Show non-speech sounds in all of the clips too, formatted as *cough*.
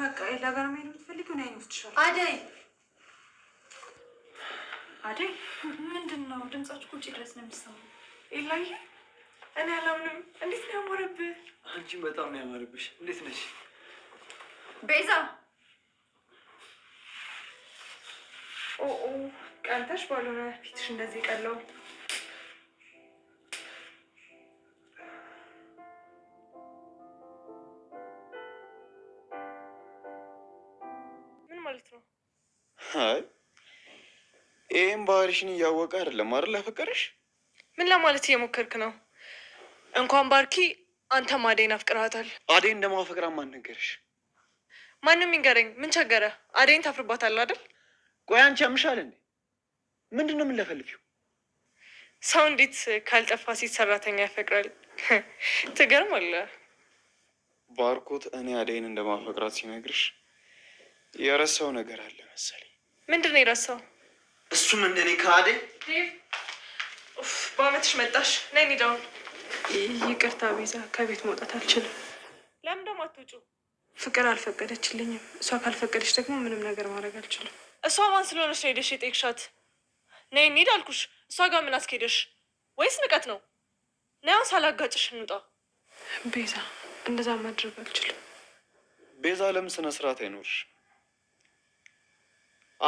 በቃ ኤላ ጋር መሄድ የምትፈልጊው ነይ ወስድሻለሁ። አደይ አደይ፣ ምንድን ነው ድምጻችሁ? ቁጭ ድረስ ነው የሚሰማው። ኤላዬ፣ እኔ አላምንም። እንዴት ነው ያማረብህ! አንቺ በጣም ነው ያማረብሽ። እንዴት ነሽ ቤዛ? ኦ ኦ፣ ቀንተሽ ባልሆነ ፊትሽ እንደዚህ ቀለው ይህም ባህሪሽን እያወቀ አይደለም አይደል ለፍቅርሽ ምን ለማለት እየሞከርክ ነው? እንኳን ባርኪ አንተም አዴን አፍቅርሃታል። አዴን እንደማፈቅራ ማን ነገርሽ? ማንም ይንገረኝ፣ ምን ቸገረ? አዴን ታፍርባታል አይደል? ቆይ አንቺ ያምሻል እንዴ? ምንድን ነው የምንለፈልፊው? ሰው እንዴት ካልጠፋ ሴት ሰራተኛ ያፈቅራል? *laughs* ትገርም አለ ባርኮት። እኔ አዴን እንደማፈቅራት ሲነግርሽ የረሳው ነገር አለ መሰለኝ። ምንድን ነው የረሳው? እሱም እንደኔ ከአዴ በአመትሽ መጣሽ። ነይ እንሂዳውን። ይቅርታ ቤዛ፣ ከቤት መውጣት አልችልም። ለምን ደግሞ አትውጪ? ፍቅር አልፈቀደችልኝም። እሷ ካልፈቀደች ደግሞ ምንም ነገር ማድረግ አልችልም። እሷ ማን ስለሆነች ነው ሄደሽ የጠየቅሻት? ነይ እንሂድ አልኩሽ። እሷ ጋር ምን አስኬደሽ? ወይስ ንቀት ነው? ናያውን ሳላጋጭሽ እንውጣ። ቤዛ፣ እንደዛ ማድረግ አልችልም። ቤዛ፣ ለምን ስነ ስርዓት አይኖርሽ?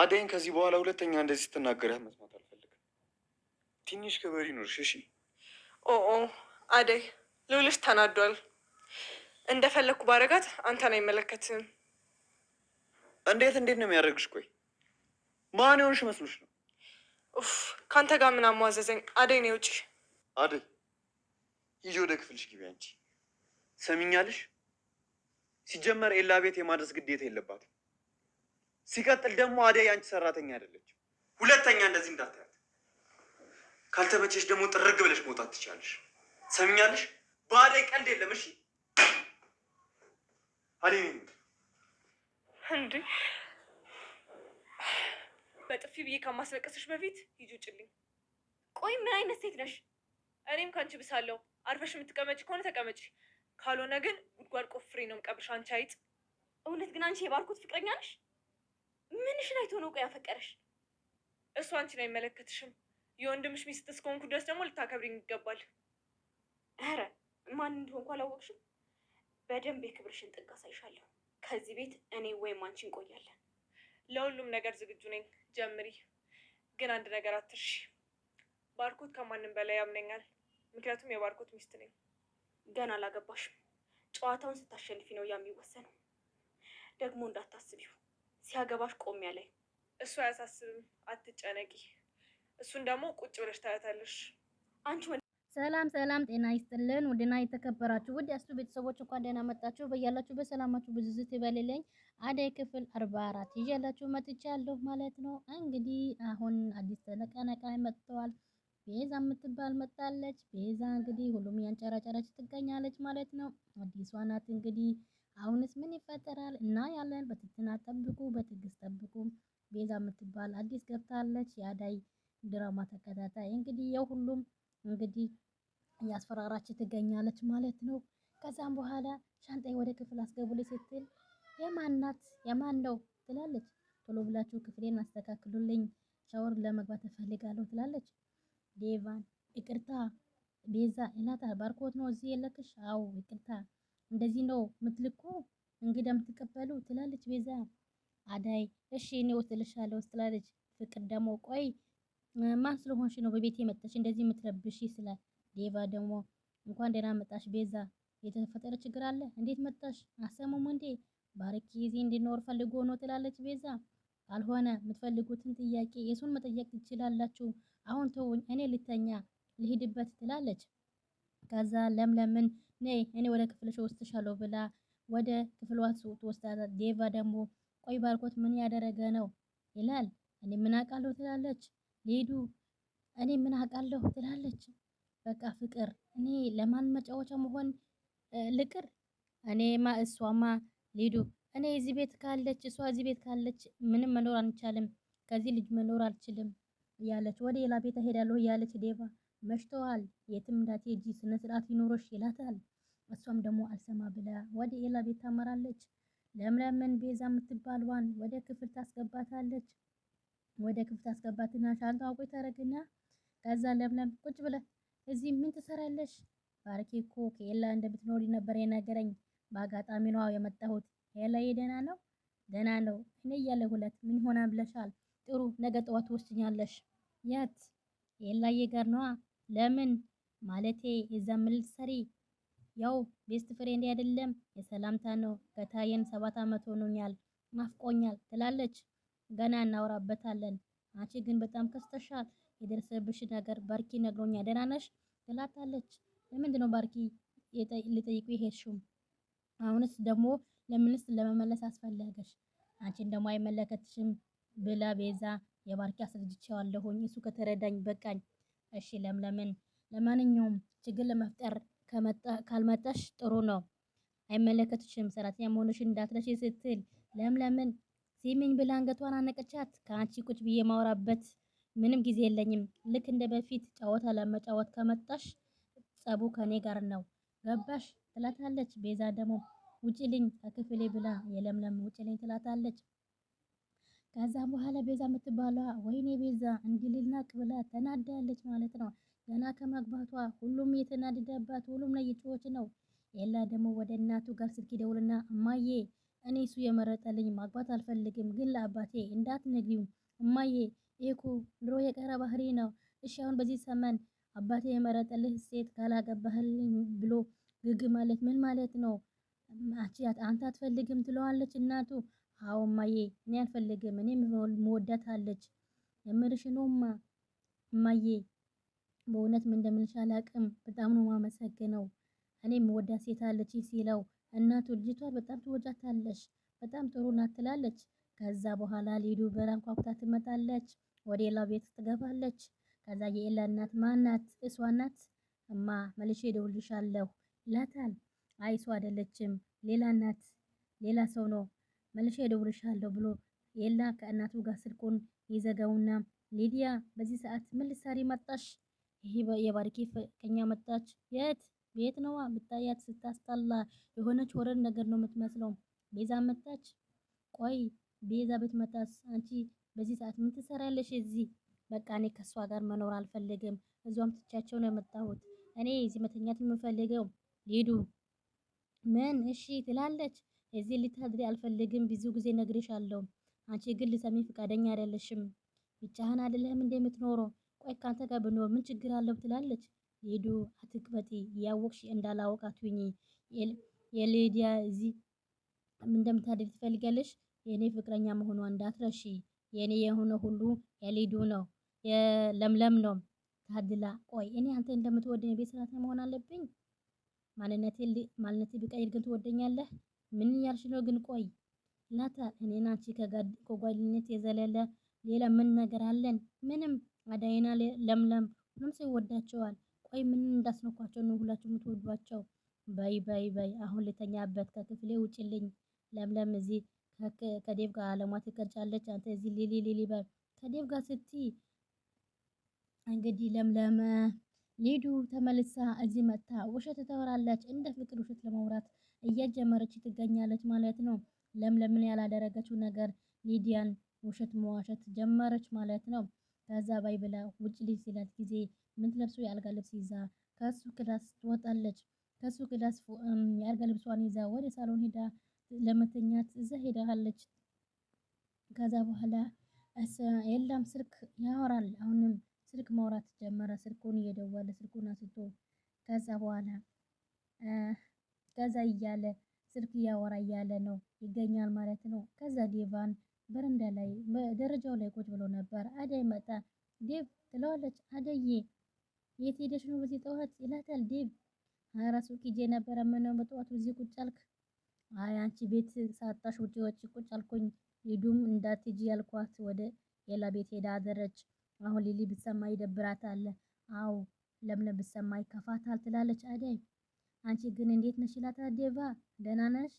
አደይን ከዚህ በኋላ ሁለተኛ እንደዚህ ስትናገርህ መስማት አልፈልግም። ትንሽ ክብር ይኑርሽ እሺ። ኦ አደይ ልውልሽ ተናዷል። እንደፈለግኩ ባረጋት አንተን አይመለከትም። እንዴት እንዴት ነው የሚያደርግሽ? ቆይ ማን የሆንሽ መስሎሽ ነው? ኡፍ ከአንተ ጋር ምን አሟዘዘኝ? አደይ ነው ውጪ። አደይ ይዤ ወደ ክፍልሽ ግቢ። አንቺ ሰሚኛልሽ። ሲጀመር ኤላ ቤት የማድረስ ግዴታ የለባትም። ሲቀጥል ደግሞ አደይ አንቺ ሰራተኛ አይደለችም። ሁለተኛ እንደዚህ እንዳታያት። ካልተመቸሽ ደግሞ ጥርግ ብለሽ መውጣት ትችላለሽ። ሰምኛለሽ? በአደይ ቀልድ የለም። እሺ አደይ እንዴ በጥፊ ብዬ ከማስለቀስሽ በፊት ሂጂ ውጭልኝ። ቆይ ምን አይነት ሴት ነሽ? እኔም ከአንቺ ብሳለሁ። አርፈሽ የምትቀመጭ ከሆነ ተቀመጭ ካልሆነ ግን ጉድጓድ ቆፍሬ ነው የምቀብርሽ። አንቺ አይጥ! እውነት ግን አንቺ የባርኮት ፍቅረኛ ነሽ? ምንሽን አይቶ ነው ቆይ ያፈቀረሽ? እሱ አንቺን አይመለከትሽም። የወንድምሽ ሚስት እስከሆንኩ ድረስ ደግሞ ልታከብሪኝ ይገባል። ኧረ ማን እንደሆንኩ አላወቅሽም። በደንብ የክብርሽን ጥግ አሳይሻለሁ። ከዚህ ቤት እኔ ወይም አንቺ እንቆያለን። ለሁሉም ነገር ዝግጁ ነኝ። ጀምሪ። ግን አንድ ነገር አትርሺ። ባርኮት ከማንም በላይ ያምነኛል፣ ምክንያቱም የባርኮት ሚስት ነኝ። ገና አላገባሽም። ጨዋታውን ስታሸንፊ ነው ያ የሚወሰነው። ደግሞ እንዳታስቢው ሲያገባሽ ቆም ያለኝ እሱ አያሳስብም፣ አትጨነቂ። እሱን ደግሞ ቁጭ ብለሽ ታያታለሽ አንቺ። ሰላም ሰላም፣ ጤና ይስጥልን ውድና የተከበራችሁ ውድ አስቱ ቤተሰቦች እንኳን ደህና መጣችሁ። በያላችሁበት በሰላማችሁ ብዝዝት ይበልልኝ። አደይ ክፍል አርባ አራት ይዤላችሁ መጥቻለሁ ማለት ነው። እንግዲህ አሁን አዲስ ተነቃነቃይ መጥተዋል። ቤዛ የምትባል መጣለች። ቤዛ እንግዲህ ሁሉም ያንጨራጨረች ትገኛለች ማለት ነው። አዲሷ ናት እንግዲህ አሁንስ ምን ይፈጠራል? እና ያለን በትትና ጠብቁ፣ በትዕግስት ጠብቁ። ቤዛ የምትባል አዲስ ገብታለች። የአዳይ ድራማ ተከታታይ እንግዲህ የሁሉም እንግዲህ እያስፈራራች ትገኛለች ማለት ነው። ከዛም በኋላ ሻንጣይ ወደ ክፍል አስገቡልኝ ስትል የማናት የማን ነው ትላለች። ቶሎ ብላችሁ ክፍሌን አስተካክሉልኝ፣ ሻወር ለመግባት እፈልጋለሁ ትላለች። ዴቫን ይቅርታ ቤዛ ይላታል። ባርኮት ነው እዚህ የለክሽ? አዎ ይቅርታ እንደዚህ ነው ምትልኩ እንግዳ የምትቀበሉ ትላለች ቤዛ። አዳይ እሺ እኔ ወስልሻለሁ ትላለች። ፍቅር ደግሞ ቆይ ማን ስለሆንሽ ነው በቤት የመጣሽ እንደዚህ ምትረብሽ ስላል ሌባ ደግሞ እንኳን ደህና መጣሽ ቤዛ፣ የተፈጠረ ችግር አለ እንዴት መጣሽ? አሰሙም እንዴ ባርኪ እዚህ እንድኖር ፈልጎ ነው ትላለች ቤዛ። ካልሆነ የምትፈልጉትን ጥያቄ የሱን መጠየቅ ትችላላችሁ። አሁን ተውኝ እኔ ልተኛ ልሂድበት ትላለች። ከዛ ለምለምን ነይ እኔ ወደ ክፍልሽ ወስድሻለሁ ብላ ወደ ክፍሏ ትወስዳለ። ዴቫ ደግሞ ቆይ ባርኮት ምን ያደረገ ነው ይላል። እኔ ምን አውቃለሁ ትላለች ሊዱ። እኔ ምን አውቃለሁ ትላለች። በቃ ፍቅር እኔ ለማን መጫወቻ መሆን ልቅር። እኔማ እሷማ ሊዱ እኔ እዚህ ቤት ካለች እሷ እዚህ ቤት ካለች ምንም መኖር አንቻልም፣ ከዚህ ልጅ መኖር አልችልም እያለች ወደ ሌላ ቤት እሄዳለሁ እያለች ዴቫ መሽተዋል፣ የትም እንዳትሄጂ ስነ ስርዓት ይኖረሽ ይላታል። እሷም ደግሞ አልሰማ ብላ ወደ ኤላ ቤት ታመራለች። ለምለምን ቤዛ የምትባልዋን ወደ ክፍል ታስገባታለች። ወደ ክፍል ታስገባትና ሻንጣ አውቆች ታረግና ከዛ ለምለም ቁጭ ብለ እዚህ ምን ትሰራለሽ? ባርኬ እኮ ከኤላ እንደምትኖሪ ነበር የነገረኝ። በአጋጣሚ ነው የመጣሁት። ኤላዬ ደህና ነው? ደህና ነው። እኔ እያለሁ ሁለት ምን ሆና ብለሻል? ጥሩ ነገ ጠዋት ትወስኛለሽ ያት የላዬ ጋር ነዋ። ለምን ማለቴ እዛ ምን ልትሰሪ? ያው ቤስት ፍሬንድ አይደለም የሰላምታ ነው። ከታየን ሰባት አመት ሆኖኛል፣ ናፍቆኛል ትላለች። ገና እናወራበታለን። አንቺ ግን በጣም ከስተሻል። የደረሰብሽ ነገር ባርኪ ነግሮኛ ደህና ነሽ ትላታለች። ለምንድን ነው ባርኪ ልጠይቁ ይሄድሽም? አሁንስ ደግሞ ለምንስ ለመመለስ አስፈለገሽ? አንቺን ደግሞ አይመለከትሽም ብላ ቤዛ የባርኪ አስረድቼዋለሁኝ። እሱ ከተረዳኝ በቃኝ። እሺ ለምለምን፣ ለማንኛውም ችግር ለመፍጠር ካልመጣሽ ጥሩ ነው፣ አይመለከትሽም፣ ሰራተኛ መሆንሽ እንዳትረሺ ስትል ለምለምን ሲሚኝ ብላ አንገቷን አነቀቻት። ከአንቺ ቁጭ ብዬ ማውራበት ምንም ጊዜ የለኝም። ልክ እንደ በፊት ጨዋታ ለመጫወት ከመጣሽ ጸቡ ከኔ ጋር ነው ገባሽ? ትላታለች። ቤዛ ደግሞ ውጭልኝ ከክፍሌ ብላ የለምለም ውጭልኝ ትላታለች። ከዛ በኋላ ቤዛ የምትባሏ ወይኔ ቤዛ እንዲልና ቅብላ ተናዳለች ማለት ነው። ገና ከመግባቷ ሁሉም የተናደደባት ሁሉም ላይ እየጮኸች ነው። ኤላ ደግሞ ወደ እናቱ ጋር ስልክ ይደውልና እማዬ እኔ እሱ የመረጠልኝ ማግባት አልፈልግም፣ ግን ለአባቴ እንዳትነግሪው እማዬ ይሄኮ ድሮ የቀረ ባህሪ ነው። እሺ አሁን በዚህ ሰመን አባቴ የመረጠልህ ሴት ካላገባህልኝ ብሎ ግግ ማለት ምን ማለት ነው? አንቺ አንተ አትፈልግም ትለዋለች እናቱ አዎ እማዬ እኔ አልፈልግም እኔ መወዳት አለች የምርሽ ነውማ እማዬ በእውነት ምን እንደምልሽ አላቅም በጣም ነው የማመሰግነው እኔ መወዳት ሴት አለች ሲለው እናቱ ልጅቷ በጣም ትወዳታለሽ በጣም ጥሩ ናት ትላለች ከዛ በኋላ ሊዱ በራን ኳኩታ ትመጣለች ወደ ሌላ ቤት ትገባለች ከዛ የኤላ እናት ማናት እሷ ናት እማ መልሼ እደውልልሻለሁ ይላታል አይ እሷ አይደለችም ሌላ ናት ሌላ ሰው ነው መልሼ እደውልልሻለሁ ብሎ ኤላ ከእናቱ ጋር ስልኩን ይዘጋውና ሊዲያ በዚህ ሰዓት ምን ልትሰሪ መጣሽ? ይሄ የባርኬ ፍቅረኛ መጣች። የት ቤት ነዋ። ብታያት ስታስጠላ የሆነች ወረድ ነገር ነው የምትመስለው። ቤዛ መጣች። ቆይ ቤዛ ቤት መጣች። አንቺ በዚህ ሰዓት ምን ትሰራለሽ እዚህ? በቃ እኔ ከእሷ ጋር መኖር አልፈልግም። እዚያም ትቻቸው ነው የመጣሁት። እኔ እዚህ መተኛት የምፈልገው ሊዱ ምን እሺ ትላለች። እዚህ ልታድሪ አልፈልግም፣ ብዙ ጊዜ ነግሬሻለሁ። አንቺ ግን ልሰሚ ፍቃደኛ አይደለሽም። ብቻህን አይደለህም እንደ የምትኖረው? ቆይ ካንተ ጋር ብኖር ምን ችግር አለው ትላለች። ሂዱ አትቅበጢ፣ እያወቅሽ እንዳላወቅ አትሁኚ። የሊዲያ እዚህ እንደምታድሪ ትፈልጋለሽ? የእኔ ፍቅረኛ መሆኗ እንዳትረሺ። የእኔ የሆነ ሁሉ የሊዱ ነው፣ የለምለም ነው። ታድላ ቆይ እኔ አንተ እንደምትወደኝ ቤት ሰራተኛ መሆን አለብኝ? ማንነቴ ማንነቴ ቢቀይር ግን ትወደኛለህ? ምን እያልሽ ነው ግን? ቆይ ይላታል። እኔና አንቺ ከጓደኝነት የዘለለ ሌላ ምን ነገር አለን? ምንም። አዳይና ለምለም ሁሉም ሰው ይወዳቸዋል። ቆይ ምን እንዳስነኳቸው ነው ሁላችሁ የምትወዷቸው? በይ በይ በይ፣ አሁን ልተኛበት፣ ከክፍሌ ውጭልኝ። ለምለም እዚህ ከዴብ ጋር አለሟ ትቀጫለች። አንተ እዚህ ሊሊ ሊሊ በል ከዴብ ጋር ስቲ እንግዲህ ለምለም ሊዱ ተመልሳ እዚህ መታ ውሸት ታወራለች። እንደ ፍቅር ውሸት ለማውራት እየጀመረች ትገኛለች ማለት ነው። ለምለምን ያላደረገችው ነገር ሊዲያን ውሸት መዋሸት ጀመረች ማለት ነው። ከዛ ባይ ብላ ውጭ ልጅ ሲላት ጊዜ የምትለብሰው የአልጋ ልብስ ይዛ ከሱ ክላስ ትወጣለች። ከሱ ክላስ የአልጋ ልብሷን ይዛ ወደ ሳሎን ሄዳ ለመተኛት እዛ ሄዳለች። ከዛ በኋላ የላም ስልክ ያወራል። አሁንም ስልክ ማውራት ጀመረ። ስልኩን እየደወለ ስልኩን አስቶ ከዛ በኋላ ከዛ እያለ ስልክ እያወራ እያለ ነው ይገኛል ማለት ነው። ከዛ ዴቫን በረንዳ ላይ ደረጃው ላይ ቁጭ ብሎ ነበር። አደይ መጣ። ዴቭ ትለዋለች አደዬ የት ሄደሽ ነው በዚህ ጠዋት ይላታል ዴቭ። አራሱ ኪጄ ነበረ ምነው በጠዋቱ እዚህ ቁጭ አልክ? አይ አንቺ ቤት ሳጣሽ ውጪ ወጪ ቁጭ አልኩኝ። ሊዱም እንዳትሄጂ ያልኳት ወደ ሌላ ቤት ሄዳ አደረች። አሁን ሊሊ ብትሰማ ይደብራታል። አዎ ለምለም ብትሰማ ይከፋታል ትላለች አደይ አንቺ ግን እንዴት ነሽ ይላታል ዴቫ። ደህና ነሽ?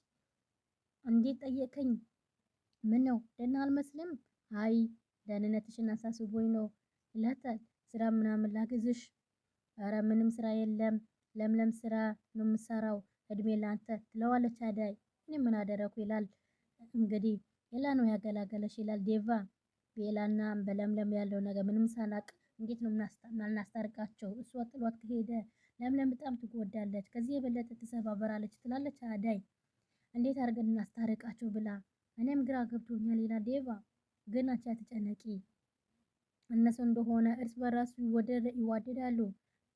እንዴት ጠየቀኝ? ምን ነው ደህና አልመስልም? አይ ደህንነትሽን አሳስቦኝ ነው ይላታል። ስራ ምናምን ላግዝሽ? ኧረ ምንም ስራ የለም ለምለም ስራ ነው የምሰራው እድሜ ላንተ ትለዋለች አዳይ። እኔ ምን አደረኩ ይላል። እንግዲህ ሌላ ነው ያገላገለሽ ይላል ዴቫ። ቤላና በለምለም ያለው ነገር ምንም ሳላቅ እንዴት ነው ምናስታርቃቸው? እሷ ጥሏት ከሄደ ለምለም በጣም ትጎዳለች፣ ከዚህ የበለጠ ትሰባበራለች ትላለች አዳይ። እንዴት አድርገን እናስታርቃቸው ብላ እኔም ግራ ገብቶኛል ይላል ዴቫ። ግን አንቺ አትጨነቂ፣ እነሱ እንደሆነ እርስ በራሱ ይዋደዳሉ፣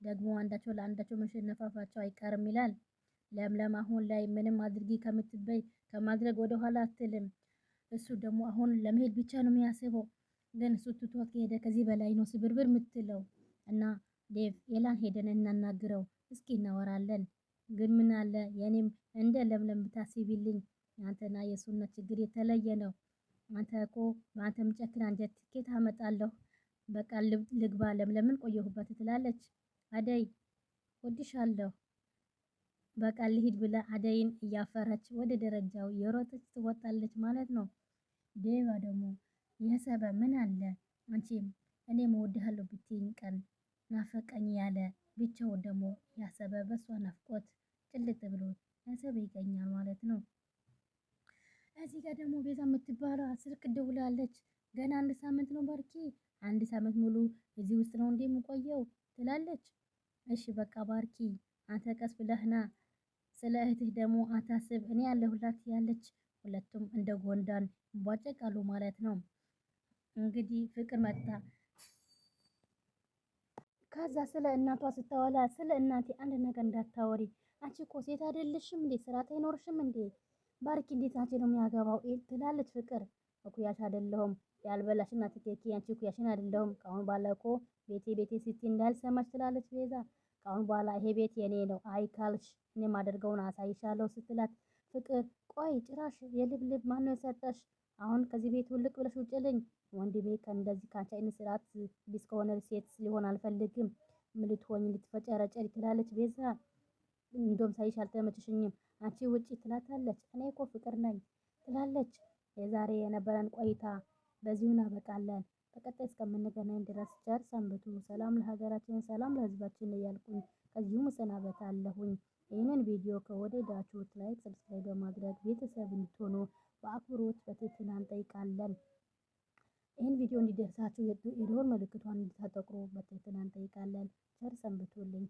ደግሞ አንዳቸው ለአንዳቸው መሸነፋፋቸው አይቀርም ይላል። ለምለም አሁን ላይ ምንም አድርጊ ከምትበይ ከማድረግ ወደ ኋላ አትልም። እሱ ደግሞ አሁን ለመሄድ ብቻ ነው የሚያስበው። ግን እሱ ትቷት ከሄደ ከዚህ በላይ ነው ስብርብር የምትለው እና ዴቭ ኤላን ሄደን እናናግረው እስኪ እናወራለን። ግን ምን አለ የኔም እንደ ለምለም ብታስቢልኝ አንተና የእሱነት ችግር የተለየ ነው። አንተ እኮ በአንተ ምጨክን አንጀት ትኬት አመጣለሁ። በቃ ልግባ ለምለምን ቆየሁበት ትላለች። አደይ ወድሻለሁ በቃ ልሂድ ብለ አደይን እያፈረች ወደ ደረጃው የሮጠች ትወጣለች ማለት ነው። ዴቫ ደግሞ የሰበ ምን አለ አንቺም እኔም እወድሃለሁ ብትይኝ ቀን ናፈቀኝ ያለ ብቻው ደግሞ ያሰበ በሷ ናፍቆት ጭልጥ ብሎ ያሰበ ይገኛል ማለት ነው። እዚህ ጋር ደግሞ ቤዛ የምትባለው ስልክ ደውላለች። ገና አንድ ሳምንት ነው ባርኪ፣ አንድ ሳምንት ሙሉ እዚህ ውስጥ ነው እንዴ የምቆየው ትላለች። እሺ በቃ ባርኪ አንተ ቀስ ብለህና ስለ እህትህ ደግሞ አታስብ፣ እኔ ያለሁላት ያለች። ሁለቱም እንደ ጎንዳን ይቧጨቃሉ ማለት ነው። እንግዲህ ፍቅር መጣ። ከዛ ስለ እናቷ ስታወላ ስለ እናቴ አንድ ነገር እንዳታወሪ አንቺ እኮ ሴት አይደለሽም እንዴ? ስርዓት አይኖርሽም እንዴ? ባርኪ እንዴት አንቺ ነው የሚያገባው ትላለች ፍቅር። እኩያሽ አይደለሁም ያልበላሽ እና ትኬኪ አንቺ እኩያሽን አይደለሁም። ከአሁን በኋላ እኮ ቤቴ ቤቴ ሲቲ እንዳልሰማሽ ትላለች ቤዛ። ከአሁን በኋላ ይሄ ቤት የኔ ነው አይካልሽ እኔ ማደርገውን አሳይሻለሁ ስትላት ፍቅር ቆይ ጭራሽ የልብልብ ማነው የሰጠሽ? አሁን ከዚህ ቤት ውልቅ ብለሽ ውጭልኝ። ወንድሜ ከእንደዚህ ከአንቺ አይነት ስርዓት ቢስ ከሆነ ሴት ሊሆን አልፈልግም። ምን ልትሆኝ ልትፈጨረጨሪ ትላለች ቤዛ። እንዶም ሳይሽ አልተመቸሽኝም አንቺ ውጪ ትላታለች። እኔ እኮ ፍቅር ነኝ ትላለች። የዛሬ የነበረን ቆይታ በዚሁ እናበቃለን። በቀጣይ እስከምንገናኝ ድረስ ቸር ሰንብቱ። ሰላም ለሀገራችን፣ ሰላም ለህዝባችን እያልኩኝ ከዚሁ እሰናበታለሁኝ። ይህንን ቪዲዮ ከወደዳችሁት ላይክ፣ ሰብስክራይብ በማድረግ ቤተሰብ እንድትሆኑ በአክብሮት በትህትና እንጠይቃለን። ይህን ቪዲዮ እንዲደርሳችሁ የደወል ምልክቷን እንድታጠቁ በትህትና እንጠይቃለን። ቸር ሰንብቱልኝ።